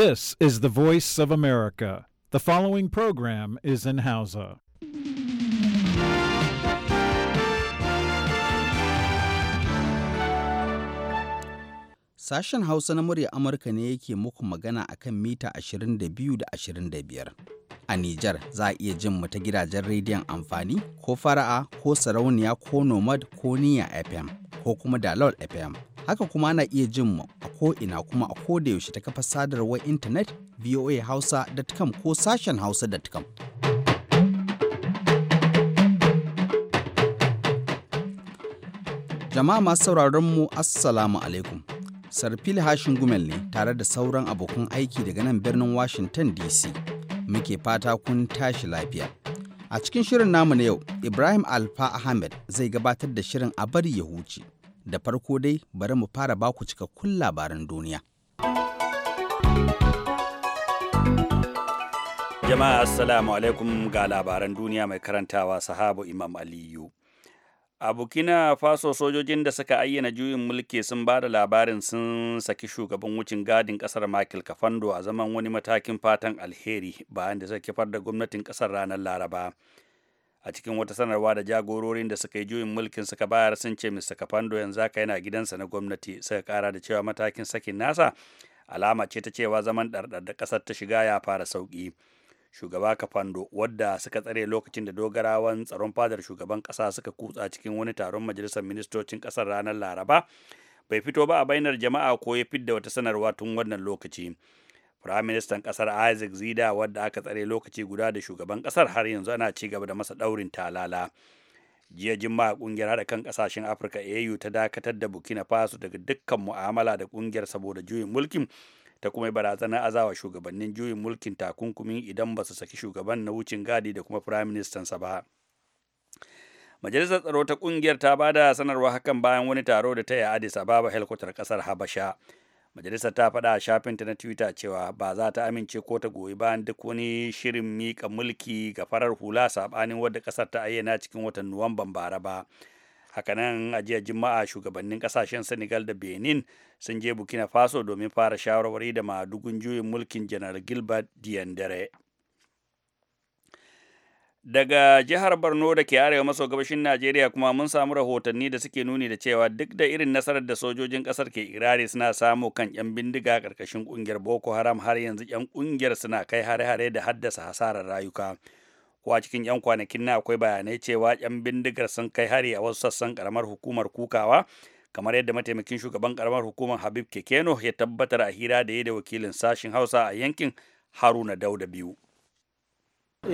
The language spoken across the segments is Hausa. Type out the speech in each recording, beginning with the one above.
This is the voice of America. The following program is in Hausa. Sashen Hausa na murya Amurka ne yake muku magana akan mita 22 da 25. A Nijar za a iya jin mu ta gidajen rediyon amfani ko fara'a ko sarauniya ko nomad ko niya FM ko kuma dalol FM. Haka kuma ana iya jin mu a ina kuma a ko da yaushe ta kafa sadarwar intanet voahausa.com ko sashen hausa.com. Jama'a masu sauraron mu Assalamu alaikum. Sarfil Hashin Gumel ne tare da sauran abokan aiki daga nan birnin Washington DC. Muke fata kun tashi lafiya. A cikin shirin namu na yau, Ibrahim Alfa Ahmed zai gabatar da shirin a bari ya huce. da farko dai bari mu fara baku cikakkun labaran duniya. Jama'a Assalamu alaikum ga labaran duniya mai karantawa sahabu Imam Aliyu. A bukina Faso sojojin da suka ayyana juyin mulki sun ba da labarin sun saki shugaban wucin gadin kasar Michael Kafando a zaman wani matakin fatan alheri bayan da suka kifar da gwamnatin kasar ranar Laraba. a cikin wata sanarwa da jagororin da suka yi juyin mulkin suka bayar sun ce mr kafando yanzu haka yana gidansa na gwamnati suka kara da cewa matakin sakin nasa alama ce ta cewa zaman ɗarɗar da ƙasar ta shiga ya fara sauƙi shugaba kafando wadda suka tsare lokacin da dogarawan tsaron fadar shugaban ƙasa suka kutsa cikin wani taron majalisar ministocin ƙasar ranar laraba bai fito ba a bainar jama'a ko ya fidda wata sanarwa tun wannan lokaci Firaministan ƙasar Isaac Zida wadda aka tsare lokaci guda da shugaban ƙasar har yanzu ana ci gaba da masa ɗaurin talala. Jiya jimma kungiyar hada kan kasashen Afirka AU ta dakatar da Burkina Faso daga dukkan mu'amala da ƙungiyar saboda juyin mulkin ta kuma barazanar azawa shugabannin juyin mulkin takunkumin idan ba su saki shugaban na wucin gadi da kuma sa ba. Majalisar Tsaro ta ƙungiyar ta ba da sanarwa hakan bayan wani taro da ta yi Addis Ababa helkwatar ƙasar Habasha. majalisar ta faɗa a shafin ta na twitter cewa ba za ta amince ko ta goyi bayan duk wani shirin miƙa mulki ga farar hula saɓanin wadda ƙasar ta ayyana cikin watan nuwamban bara ba hakanan a jiya juma'a shugabannin ƙasashen senegal da benin sun je burkina faso domin fara shawarwari da madugun juyin mulkin janar gilbert diandere daga jihar Borno da ke arewa maso gabashin Najeriya kuma mun samu rahotanni da suke nuni da cewa duk da irin nasarar da sojojin kasar ke irari suna samu kan 'yan bindiga karkashin kungiyar Boko Haram har yanzu 'yan kungiyar suna kai hare-hare da haddasa hasarar rayuka. Kuwa cikin 'yan kwanakin na akwai bayanai cewa 'yan bindigar sun kai hari a wasu sassan karamar hukumar kukawa kamar yadda mataimakin shugaban karamar hukumar Habib Kekeno ya tabbatar a hira da ya da wakilin sashin Hausa a yankin Haruna Dauda biyu.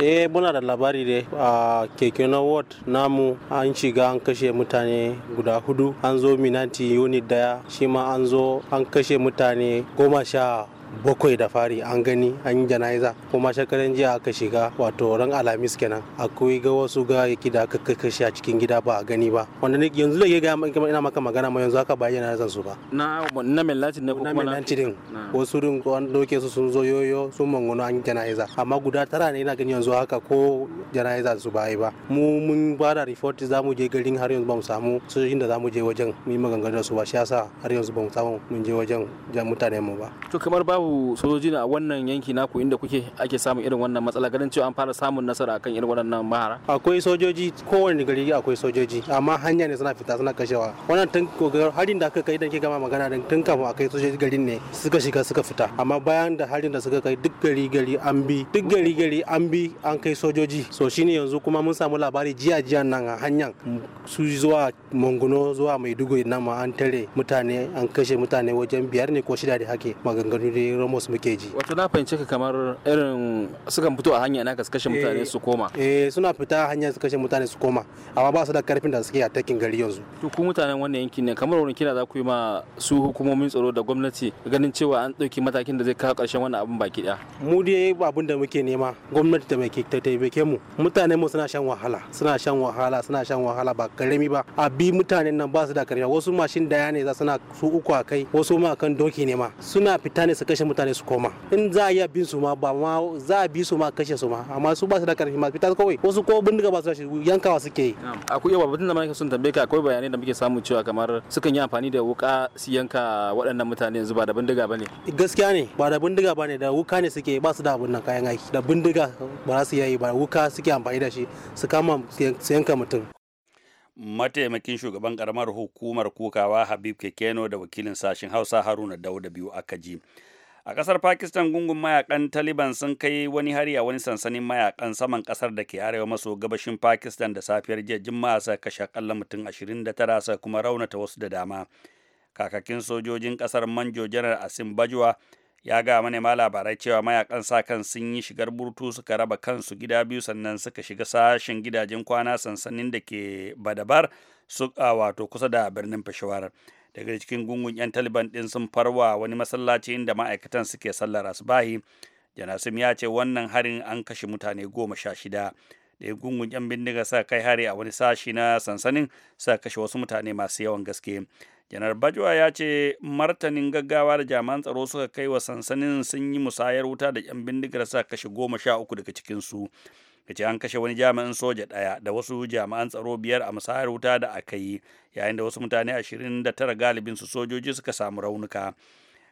eh muna da labari da a keke na ward namu an shiga an kashe mutane guda hudu an zo minati unit daya shi ma an zo an kashe mutane goma sha bakwai da fari an gani an yi janaiza kuma shekaran jiya aka shiga wato ran alamis kenan akwai ga wasu yake da aka kashe a cikin gida ba a gani ba wanda ne yanzu da ga ina maka magana ma yanzu aka bayyana zan su ba na na mellati na kuma na mellati din wasu din an doke su sun zo yoyo sun mangono an yi janaiza amma guda tara ne ina gani yanzu haka ko janaiza su ba yi ba mu mun ba da report za mu je garin har yanzu ba mu samu sojojin da za mu je wajen mu yi maganganu da su ba shi yasa har yanzu ba mu samu mun je wajen mutane mu ba to kamar babu babu sojoji a wannan yanki naku inda kuke ake samun irin wannan matsala ganin cewa an fara samun nasara akan irin waɗannan mahara akwai sojoji kowane gari akwai sojoji amma hanya ne suna fita suna kashewa wannan tun harin da aka kai da ke gama magana din tun kafin akai sojoji garin ne suka shiga suka fita amma bayan da harin da suka kai duk gari gari an bi duk gari gari an bi an kai sojoji so shine yanzu kuma mun samu labari jiya jiya nan a hanyar su zuwa mangono zuwa maiduguri nan ma an tare mutane an kashe mutane wajen biyar ne ko shida da hake maganganu da ramos muke ji wato na fahimci ka kamar irin suka fito a hanya naka su kashe mutane eh, su koma eh suna fita hanya su kashe mutane su koma amma ba su da karfin da suke a takin gari yanzu to ku mutanen wannan yankin ne kamar wani kira za ku yi ma su hukumomin tsaro da gwamnati ganin cewa an dauki matakin da zai kawo karshen wannan abin baki ɗaya mu dai abin da muke nema gwamnati ta mai ta taimake mu mutanen mu suna shan wahala suna shan wahala suna shan wahala ba karami ba a bi mutanen nan ba su da karfi wasu mashin daya ne za suna su uku a kai wasu ma kan doki ne ma suna fita ne su kashe kashe mutane su koma in za a iya bin su ma ba ma za a bi su ma kashe su ma amma su ba su da karfi ma fita kawai wasu ko bindiga ba su da shi yankawa suke yi akwai yawa batun da muke sun tambaye ka akwai bayanai da muke samu cewa kamar sukan yi amfani da wuka su yanka waɗannan mutane yanzu ba da bindiga bane gaskiya ne ba da bindiga bane da wuka ne suke ba su da abun nan kayan aiki da bindiga ba za su yi ba wuka suke amfani da shi su kama su yanka mutum mataimakin shugaban karamar hukumar kukawa habib kekeno da wakilin sashen hausa haruna dauda biyu aka ji a ƙasar pakistan gungun mayakan taliban sun kai wani hari a wani sansanin mayakan saman ƙasar da ke arewa maso gabashin pakistan da safiyar jiya juma'a sa kashe akalla mutum 29 sa kuma raunata wasu da dama kakakin sojojin ƙasar manjo janar asim bajwa ya ga manema labarai cewa mayakan sa kan sun yi shigar burtu suka raba kansu gida biyu sannan suka shiga sashen gidajen kwana sansanin da ke badabar su wato kusa da birnin peshawar daga cikin gungun 'yan taliban ɗin sun farwa wani masallaci inda ma'aikatan suke sallar asubahi janasim ya ce wannan harin an kashe mutane goma sha shida da gungun 'yan bindiga sa kai hari a wani sashi na sansanin sa kashe wasu mutane masu yawan gaske janar bajwa ya ce martanin gaggawa da jami'an tsaro suka kai wa sansanin sun yi musayar wuta da 'yan bindigar sa kashe goma sha uku daga cikinsu da ce an kashe wani jami'in soja ɗaya da wasu jami'an tsaro biyar a musayar wuta da aka yi yayin da wasu mutane ashirin da tara galibin su sojoji suka samu raunuka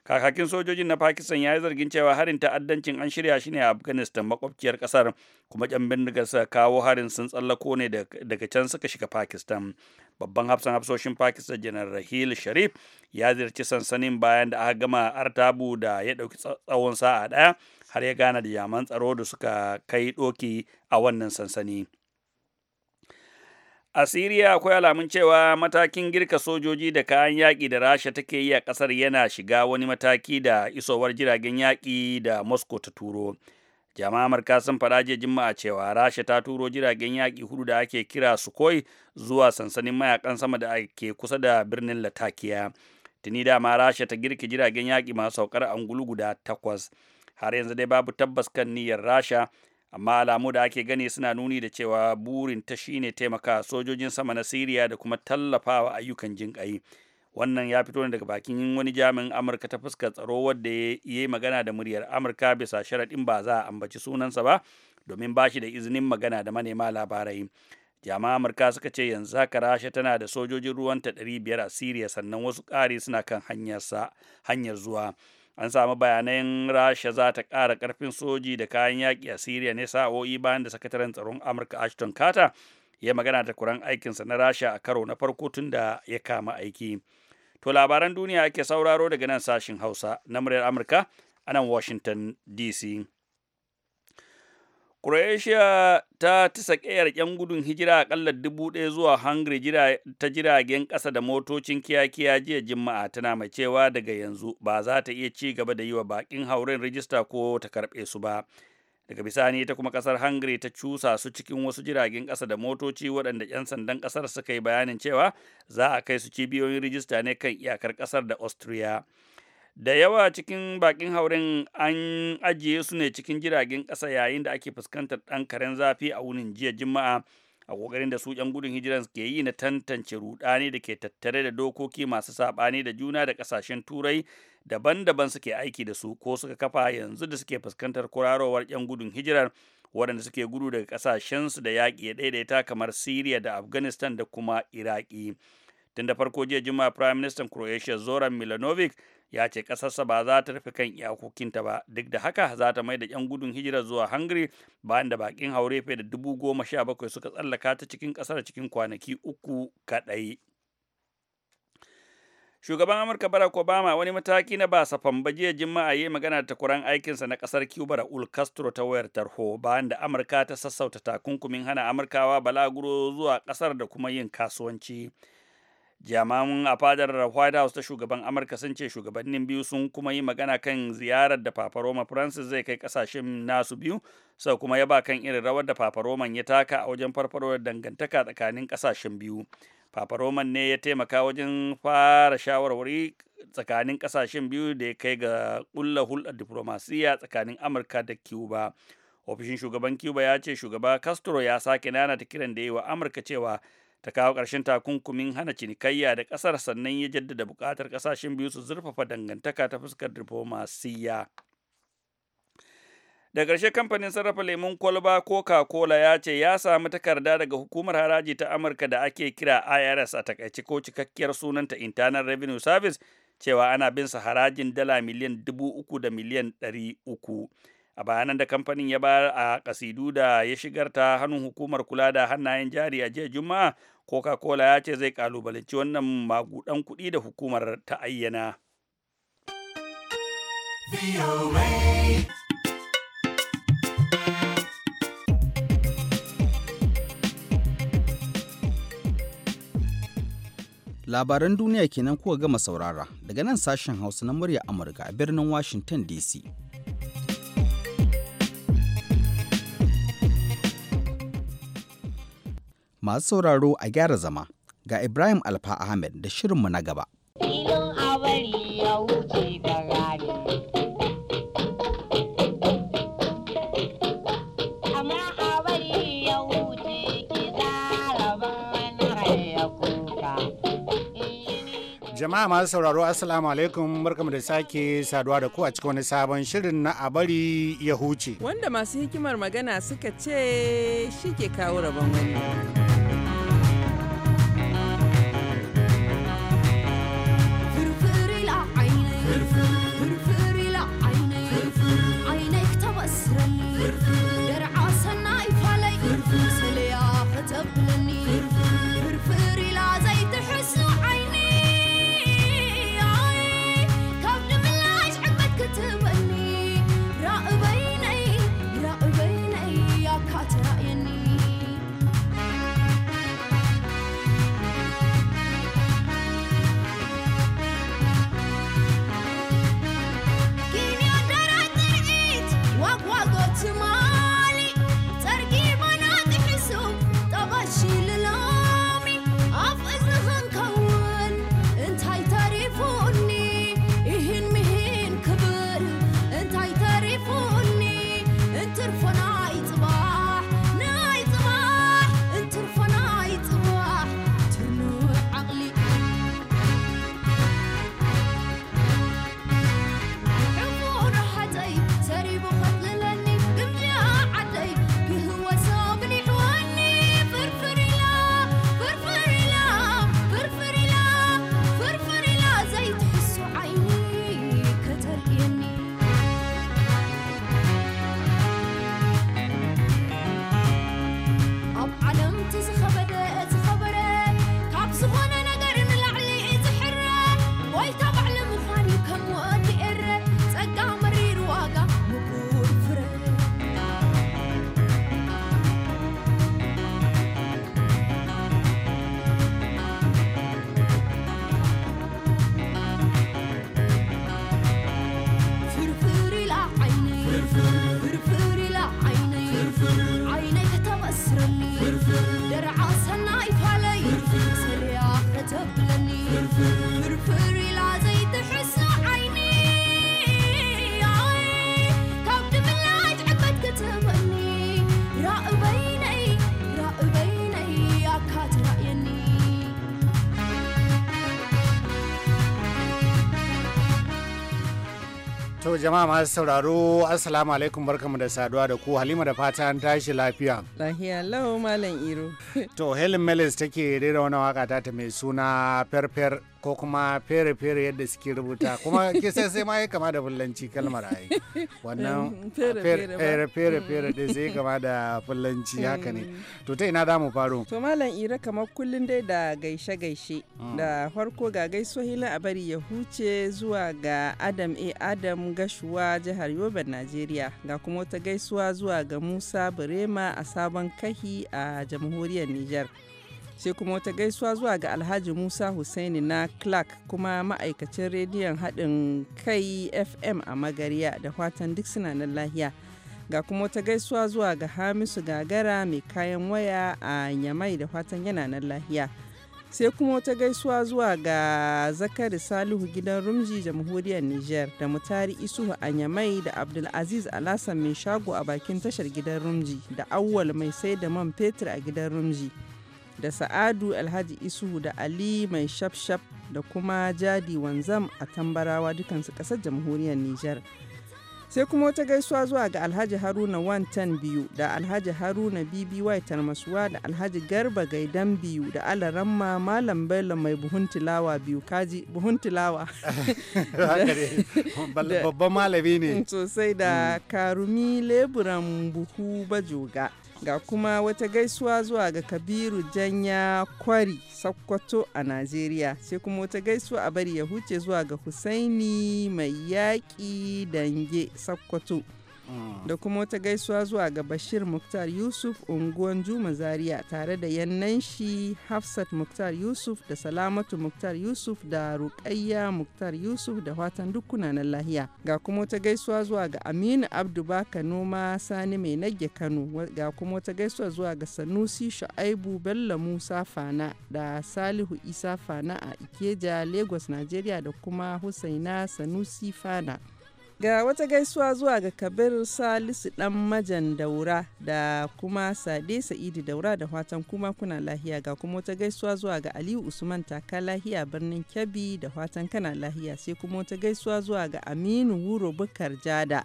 kakakin sojojin na pakistan ya yi zargin cewa harin ta'addancin an shirya shi ne a afghanistan makwabciyar kasar kuma yan bindigar suka kawo harin sun tsallako ne daga can suka shiga pakistan babban hafsan hafsoshin pakistan janar rahil sharif ya ziyarci sansanin bayan da aka gama artabu da ya ɗauki tsawon sa'a ɗaya har ya gana da yaman tsaro da suka kai doki a wannan sansani a siriya akwai alamun cewa matakin girka sojoji da kayan yaƙi da rasha take yi a ƙasar yana shiga wani mataki da isowar jiragen yaƙi da moscow ta turo jama'a amurka sun faɗa jiya juma'a cewa rasha ta turo jiragen yaƙi hudu da ake kira su koi zuwa sansanin mayakan sama da ake kusa da birnin latakiya tuni dama rasha ta girki jiragen yaƙi masu saukar angulu guda takwas har yanzu dai babu tabbas kan niyyar rasha amma alamu da ake gani suna nuni da cewa burin ta shine taimaka sojojin sama na siriya da kuma tallafawa ayyukan jinƙai wannan ya fito ne daga bakin wani jami'in amurka ta fuskar tsaro wadda ya yi magana da muryar amurka bisa sharaɗin ba za a ambaci sunansa ba domin ba shi da izinin magana da manema labarai jami'an amurka suka ce yanzu haka rasha tana da sojojin ruwanta 500 a siriya sannan wasu ƙari suna kan hanyar zuwa an samu bayanan rasha za ta ƙara ƙarfin soji da kayan yaƙi a siriya ne sa'o'i bayan da sakataren tsaron amurka ashton carter ya magana da kuran aikinsa na rasha a karo na farko tun da ya kama aiki to labaran duniya ake sauraro daga nan sashin hausa na muryar amurka a nan washington dc Croatia ta tisa ƙeyar 'yan gudun hijira aƙalla dubu ɗaya zuwa Hungary ta jiragen ƙasa da motocin kiyakiya jiya Juma'a tana mai cewa daga yanzu ba za ta iya ci gaba da yi wa baƙin hauren rijista ko ta karɓe su ba. Daga bisani ta kuma ƙasar Hungary ta cusa su cikin wasu jiragen ƙasa da motoci waɗanda 'yan sandan ƙasar suka yi bayanin cewa za a kai su cibiyoyin rijista ne kan iyakar ƙasar da Austria. da yawa cikin bakin hauren an ajiye su ne cikin jiragen ƙasa yayin da ake fuskantar ɗan karen zafi a wunin jiya juma'a a ƙoƙarin da su 'yan gudun hijiran ke yi na tantance rudani da ke tattare da dokoki masu saɓani da juna da ƙasashen turai daban-daban suke aiki da su ko suka kafa yanzu da suke fuskantar kurarowar 'yan gudun hijirar waɗanda suke gudu daga ƙasashensu da yaƙi ya ɗaiɗaita kamar Siriya da Afghanistan da kuma Iraki. Tun da farko jiya Juma'a Prime Minister Croatia Zoran Milanovic ya ce ƙasarsa ba za ta rufe kan iyakokinta ba duk da haka za ta mai da 'yan gudun hijira zuwa hungary bayan da bakin haure fiye da dubu goma sha bakwai suka tsallaka ta cikin ƙasar cikin kwanaki uku kaɗai shugaban amurka barack obama wani mataki na ba famba jiya jima'a ya magana da kuran aikinsa na kasar cuba raul castro ta wayar tarho bayan da amurka ta sassauta takunkumin hana amurkawa balaguro zuwa kasar da kuma yin kasuwanci jami'an a fadar white house ta shugaban amurka sun ce shugabannin biyu sun kuma yi magana kan ziyarar da roma francis zai kai kasashen nasu biyu sau kuma ya ba kan irin rawar da roman ya taka a wajen farfaro dangantaka tsakanin kasashen biyu roman ne ya taimaka wajen fara shawarwari tsakanin kasashen biyu da ya kai ga kulla hulɗar diplomasiya tsakanin amurka da cuba ofishin shugaban cuba ya ce shugaba castro ya sake nana ta kiran da yi wa amurka cewa ta kawo ƙarshen takunkumin hana cinikayya da ƙasar sannan ya jaddada buƙatar ƙasashen biyu su zurfafa dangantaka ta fuskar diplomasiyya. da ƙarshe kamfanin sarrafa lemun kwalba coca-cola ya ce ya samu takarda daga hukumar haraji ta amurka da ake kira irs a takaice ko cikakkiyar sunanta internal revenue service cewa ana bin sa harajin dala miliyan dubu uku da miliyan ɗari uku a bayanan da kamfanin ya bayar a kasidu da ya shigar ta hannun hukumar kula da hannayen jari a jiya juma'a coca-cola ya ce zai kalubalanci wannan magudan kuɗi da hukumar ta ayyana labaran duniya kenan kuka gama saurara daga nan sashen hausa na murya amurka a birnin washington dc Masu sauraro a gyara zama ga Ibrahim Alfa Ahmed da shirinmu na gaba. jama'a masu sauraro assalamu alaikum barkamu da sake saduwa da ku a cikin wani sabon shirin na a ya huce wanda masu hikimar magana suka ce shi ke kawo rabon wani jama'a masu sauraro assalamu alaikum barkamu da saduwa da ku halima da fata an tashi lafiya lafiya lau malam iro to helen melis take rera wani waka ta mai suna ferfer ko kuma fere-fere yadda suke rubuta kuma kisa sai ma ya kama da fulanci kalmar ai wannan mm, fere-fere da sai kama da fulanci haka ne mm. to ta ina da mu faro to malam ira kamar kullun dai da gaishe-gaishe mm. da farko ga gaisuwa hilin a bari ya huce zuwa ga adam a adam gashuwa jihar yobe najeriya ga kuma wata gaisuwa zuwa ga musa burema a sabon kahi a jamhuriyar niger sai kuma wata gaisuwa zuwa ga alhaji musa hussaini na clark kuma ma'aikacin rediyon haɗin kai fm a magariya da fatan duk suna nan lahiya ga kuma wata gaisuwa zuwa ga hamisu gagara mai kayan waya a yamai da fatan yana nan lahiya sai kuma wata gaisuwa zuwa ga zakari salihu gidan rumji jamhuriyar niger da mutari isuhu nyamai da abdulaziz alasan mai shago a bakin tashar gidan rumji da awwal mai sai da man fetur a gidan rumji da Sa'adu Alhaji Isuhu da Ali Mai Shafshaf da kuma Jadi Wanzam a Tambarawa dukansu ƙasar jamhuriyar Nijar. Sai kuma wata gaisuwa zuwa ga Alhaji Haruna Wantan biyu da Alhaji Haruna BBY Tarmasuwa da Alhaji Garba Gaidan biyu da Alaramma Malam Bello mai buhun tilawa biyu kaji buhun Babban malami ne. Mm, sosai da mm. Karumi Leburan Buhu Bajoga. Ga kuma wata gaisuwa zuwa ga Kabiru Janya Kwari Sakkwato a Najeriya. Sai kuma wata gaisuwa a bari ya huce zuwa ga Husaini Mai Yaƙi Dange Sakkwato. da kuma wata gaisuwa zuwa ga bashir muktar yusuf unguwan juma zaria tare da yannan shi hafsat muktar yusuf da salamatu muktar yusuf da ruqayya muktar yusuf da watan dukkuna na lahiya ga kuma wata gaisuwa zuwa ga aminu abdu baka noma sani mai nage kano ga kuma wata gaisuwa zuwa ga sanusi shu'aibu bello musa fana da salihu isa fana a ikeja lagos nigeria da kuma husaina sanusi fana Ga wata gaisuwa zuwa ga Kabir Salisu ɗan majan daura da kuma Sade sa'idi daura da watan kuma kuna lahiya ga kuma wata gaisuwa zuwa ga Aliyu Usman taka lahiya birnin Kebbi da watan kana lahiya sai kuma wata gaisuwa zuwa ga Aminu Wuro Bukar Jada.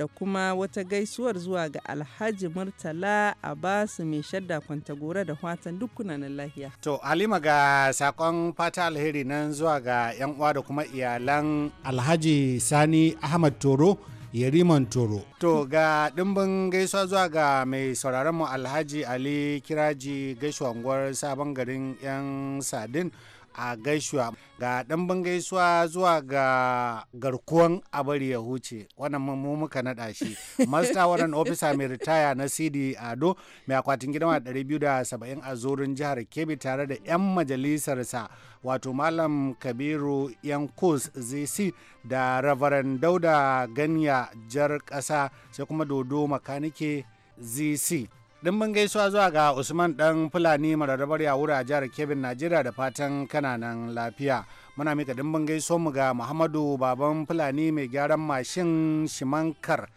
da kuma wata gaisuwar zuwa ga Alhaji Murtala a basu mai shadda gora da fatan dukkanin lahiya. To Halima ga sakon fata alheri nan zuwa ga 'yan uwa da kuma iyalan Alhaji Sani Ahmad Toro Yariman Toro. To ga ɗimbin gaisuwa zuwa ga mai sauraron mu Alhaji Ali Kiraji gaisuwa sabon garin 'yan Sadin. a gaisuwa ga ɗan gaisuwa zuwa ga garkuwan abari ya huce wannan mu muka naɗa shi master warrant officer mai ritaya na cd ado mai akwatin gidan 270 a zorin jihar kebbi tare da 'yan majalisarsa wato malam kabiru yankus zc da reverend dauda ganya jar ƙasa sai kuma dodo makanike zc Dimbin gaisuwa zuwa ga Usman ɗan Fulani mararrabar yawura a jihar Kebin Najeriya da fatan kananan lafiya. Muna mika dimbin mu ga Muhammadu Baban Fulani mai gyaran mashin Shimankar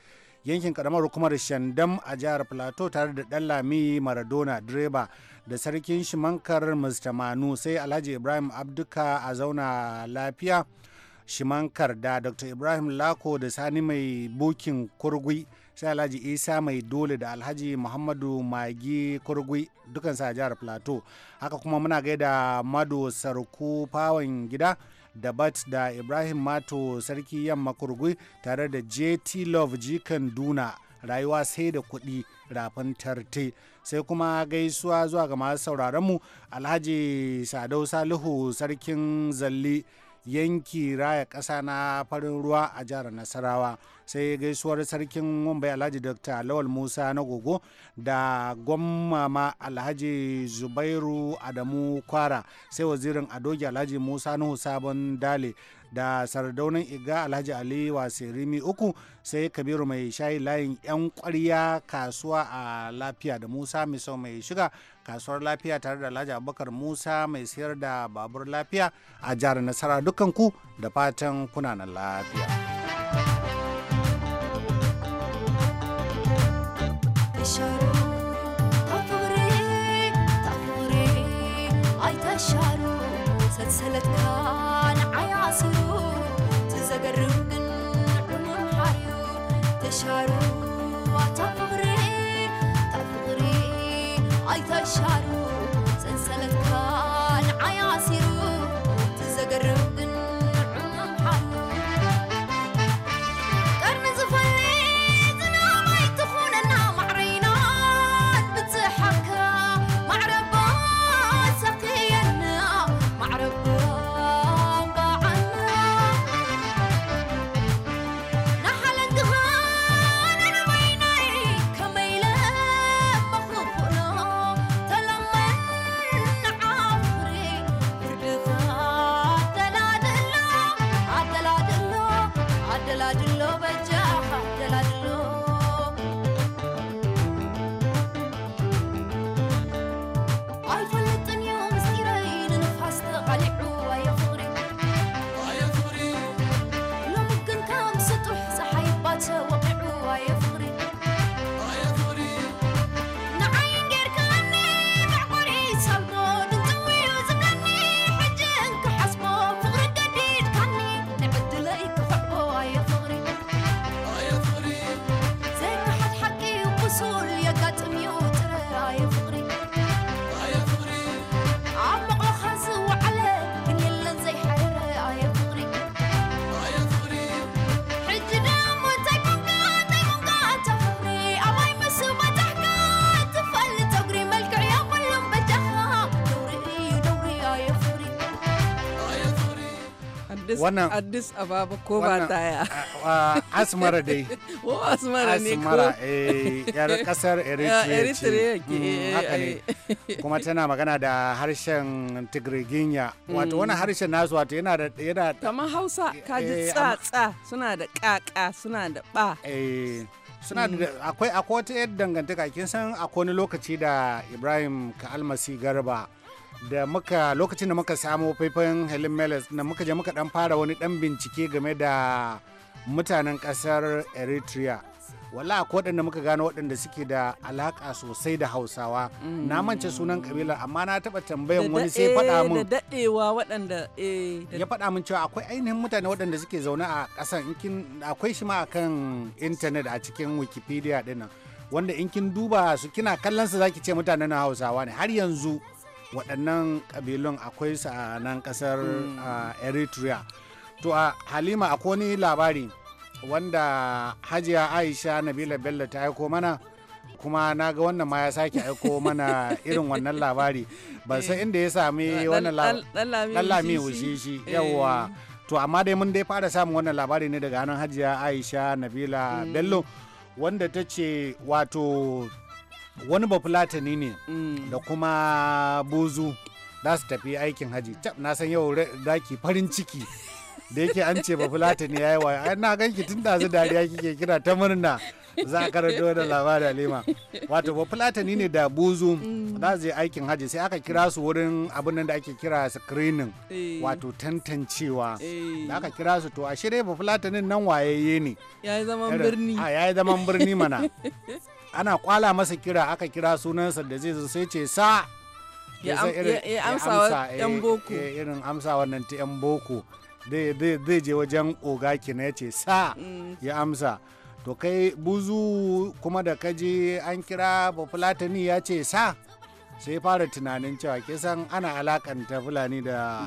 yankin karamar hukumar Shandam a jihar Plateau tare da lami Maradona direba da sarkin Shimankar Mr. Manu sai Alhaji Ibrahim Abduka a zauna lafiya. Shimankar da Dr. Ibrahim Lako da Sani mai bukin kurgui. sai alhaji isa mai dole da alhaji muhammadu magi kurgui dukansa a jihar plateau haka kuma muna gaida mado sarku fawon gida da bat da ibrahim mato sarki yamma kurgui tare da jt love jikan duna rayuwa sai da kuɗi rafin tarte sai kuma gaisuwa zuwa ga masu sauraronmu alhaji sadau salihu sarkin zalli yanki raya ƙasa na farin ruwa a jihar nasarawa sai gaisuwar sarkin wambai alhaji dr lawal musa na gogo da gwamma alhaji zubairu adamu kwara sai wazirin adoji alhaji musa nuhu sabon dale da sardaunan iga alhaji ali wasirimi uku sai kabiru mai shayi layin yan kwarya kasuwa a lafiya da musa miso mai shiga kasuwar lafiya tare da alhaji abubakar musa mai siyar da babur lafiya a jihar nasara dukanku da fatan kuna na lafiya تشعر تفغري تفغري أي تشارو addis ababa ko ba taya asmara dai asmara ne ko asmara eh, yar kasar eritrea ke mm, eh, haka ne eh, kuma tana magana da harshen tigriginya wato wani mm. harshen nasu wato yana da yana kamar hausa kaji tsa tsa suna da kaka suna da ba suna da mm. akwai akwai wata yadda dangantaka kin san akwai wani lokaci da ibrahim ka almasi garba da muka lokacin da muka samo faifan Helen Meles na muka je muka dan fara wani dan bincike game da mutanen kasar Eritrea. Wala akwai waɗanda muka gano waɗanda suke da alaƙa sosai da Hausawa. Mm. Na mance sunan kabilar amma na taɓa tambayan wani sai faɗa eh, mun. Da daɗewa waɗanda eh, Ya faɗa mun cewa akwai ainihin mutane waɗanda suke zaune a ƙasan akwai shi ma akan intanet a cikin Wikipedia ɗinnan. Wanda in kin duba su kina kallon su zaki ce mutanen Hausawa ne har yanzu. waɗannan ƙabilun akwai su a nan ƙasar hmm. eritrea to a halima akwai wani labari wanda hajiya aisha nabila bello ta aiko mana kuma na ga wannan ma ya sake aiko mana irin wannan labari ban san inda ya sami eh. wannan lallami shi yawwa to amma dai mun dai fara samun wannan labari ne daga hannun hajiya aisha nabila hmm. bello wanda ta ce wato wani bafulatani ne mm. da kuma bozu za su tafi aikin haji na san yau daki farin ciki da yake an ce bafulatani ya yi wa na ganki tun da dariya kike kira ta murna za a karanto da labarin lema wato ba fulatani ne da bozu mm. za su je aikin hajji sai aka kira su wurin abin da ake kira screening eh. wato tantancewa eh. da aka kira su to a shirya ba nan wayayye ne ya yi ya yi zaman birni mana ana kwala masa kira aka kira sunansa da zai zo sai ce sa eh, irin amsa wannan ta yan boko zai je wajen oga kina ya ce sa mm. ya amsa to kai buzu kuma da kaji an kira bafulatani ya ce sa sai fara tunanin cewa kisan ana alakanta fulani da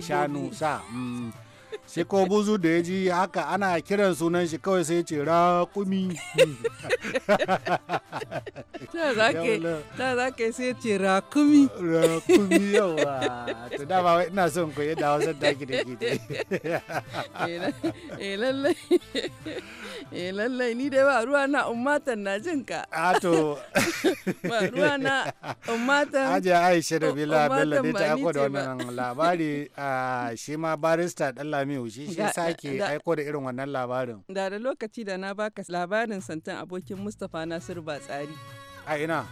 shanu sa mm. shi ko buzu da ya ji haka ana kiran sunan shi kawai sai ce raƙumi ta za ka sai ce raƙumi raƙumi yawa to dama wai ina son ku yadda wasan daki da ke ce eh, eh lallai eh lallai ni dai ba ruwa na ummatan na jin ka a to ba ruwa na ummatan hajiya aisha da bila bello dai ta akwada da wannan labari ah, shi ma barista ɗalla Lamiu shi shi sake aiko da irin wannan labarin. Da da lokaci da na baka labarin santan abokin Mustapha Nasiru Batsari. A ina.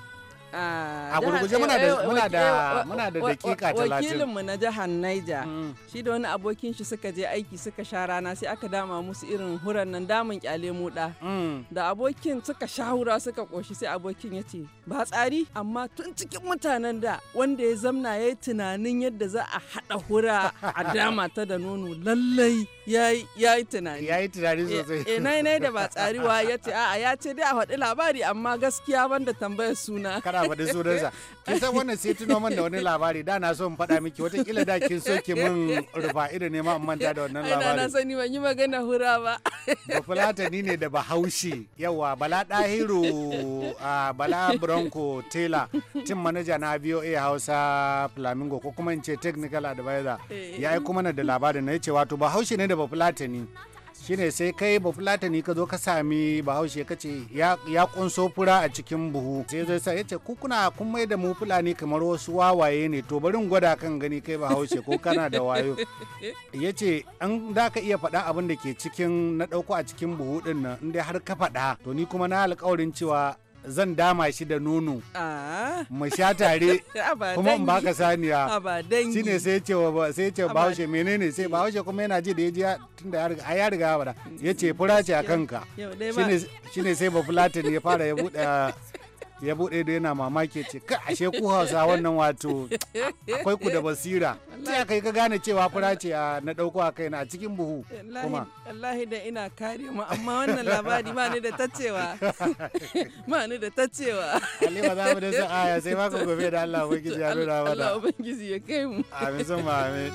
Ah, a gurguje muna da eh, muna da eh, muna da dakika 30 wakilin mu na jihar Niger mm. shi da wani abokin shi suka je aiki suka sha rana sai aka dama musu irin huran nan damun kyale moda mm. da abokin suka sha hura suka koshi sai abokin ya ce ba tsari amma tun cikin mutanen da wanda ya zamna ya yi tunanin yadda za a haɗa hura a dama ta da nono lallai ya yi tunani ya yi tunani eh, sosai eh nai nai da ba tsariwa ya ce a'a ya ce dai a faɗi labari amma gaskiya banda tambayar suna kana faɗi sunansa kin san wannan sai tuno man da wani labari da na so in faɗa miki wata kila da kin so ki mun rufa ido ne ma amma da wannan labari na sani ban yi magana hura ba ba ni ne da bahaushe yawa bala dahiru a bala bronco taylor tim manaja na voa hausa flamingo ko kuma in ce technical advisor eh. ya yi kuma na da labarin na ya ce wato bahaushe ne da da bafulatani shine sai kai bafulatani ka zo ka sami bahaushe ka ce ya kunso fura a cikin buhu sai zai sa ya ku kuna kun mai da mu fulani kamar wasu wawaye ne to barin gwada kan gani kai bahaushe ko kana da wayo ya ce an da ka iya faɗa abin da ke cikin na ɗauko a cikin buhu din nan in har ka faɗa to ni kuma na alƙawarin cewa zan dama shi da nono ah. mu sha tare kuma in baka saniya shine sai ce sai ce bahaushe menene sai bahaushe kuma yana ji da ya ji tunda ya riga ya riga ya ce fura ce a kanka shine sai ba fulatin ya fara ya buɗe ya bude da yana mamaki ce ka ashe ku hausa wannan wato akwai ku da basira ta kai ka gane cewa fura ce a na dauko a na a cikin buhu kuma wallahi da ina kare mu amma wannan labari ma ni da ta cewa ma ni da ta cewa ba za mu da aya sai ma ku gobe da Allah gizi ya nuna mana Allah ubangiji ya kai mu amin sun amin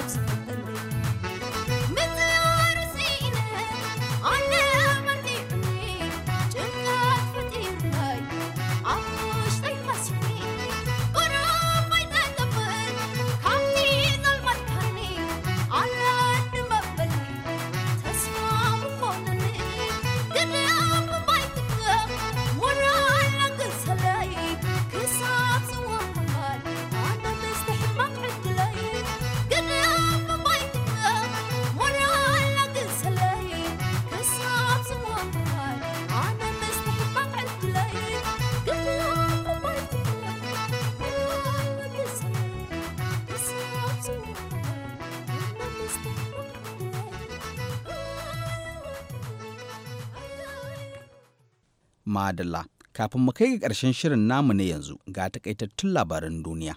Talks Madalla. Kafin mu kai ga ƙarshen shirin namu na yanzu ga takaitattun labaran duniya.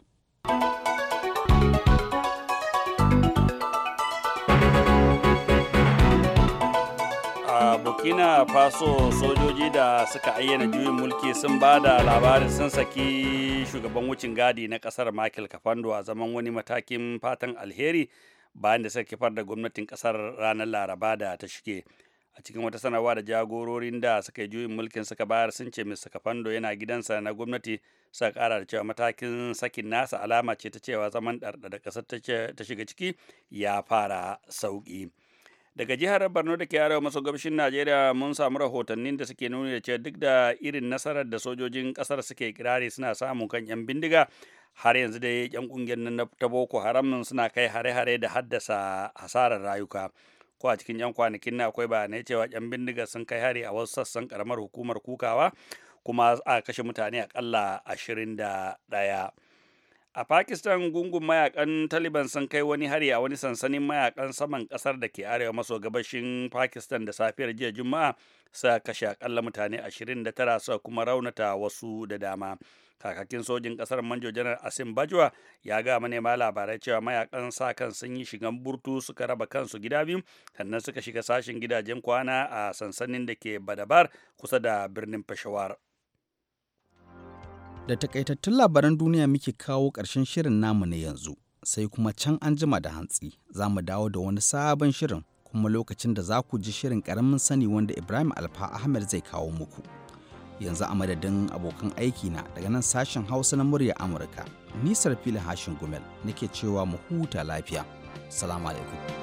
A Burkina Faso sojoji da suka ayyana juyin mulki sun ba da labarin sun saki shugaban wucin gadi na kasar Michael Kafando a zaman wani matakin fatan alheri bayan da suka kifar da gwamnatin kasar ranar Laraba da ta shige. a cikin wata sanarwa da jagororin da suka yi juyin mulkin suka bayar sun ce mr kafando yana gidansa na gwamnati suka kara da cewa matakin sakin nasa alama ce ta cewa zaman ɗarɗa da ƙasar ta shiga ciki ya fara sauƙi daga jihar borno da ke arewa maso gabashin najeriya mun samu rahotannin da suke nuni da cewa duk da irin nasarar da sojojin ƙasar suke kirari suna samu kan 'yan bindiga har yanzu dai 'yan ƙungiyar nan ta boko haram suna kai hare-hare da haddasa hasarar rayuka ko a cikin 'yan kwanakin na akwai bayanai cewa 'yan bindiga sun kai hari a wasu sassan karamar hukumar kukawa kuma a kashe mutane akalla 21 a pakistan gungun mayakan taliban sun kai wani hari a wani sansanin mayakan saman kasar da ke arewa maso gabashin pakistan da safiyar jiya juma'a sa kashe akalla mutane ashirin da 29 suka kuma raunata wasu da dama kakakin sojin kasar manjo janar asim bajwa ya ga manema labarai cewa mayakan sa kan sun yi shigan burtu suka raba kansu gida biyu sannan suka shiga sashen gidajen kwana a sansanin da ke badabar kusa da birnin fashawar. da takaitattun labaran duniya muke kawo ƙarshen shirin namu na yanzu sai kuma can an jima da hantsi za mu dawo da wani sabon shirin kuma lokacin da za ku ji shirin ƙaramin sani wanda ibrahim alfa ahmed zai kawo muku. yanzu a madadin abokan aiki na daga nan sashen hausa na murya amurka nisar fili hashin gumel nake cewa mu huta lafiya salamu alaikum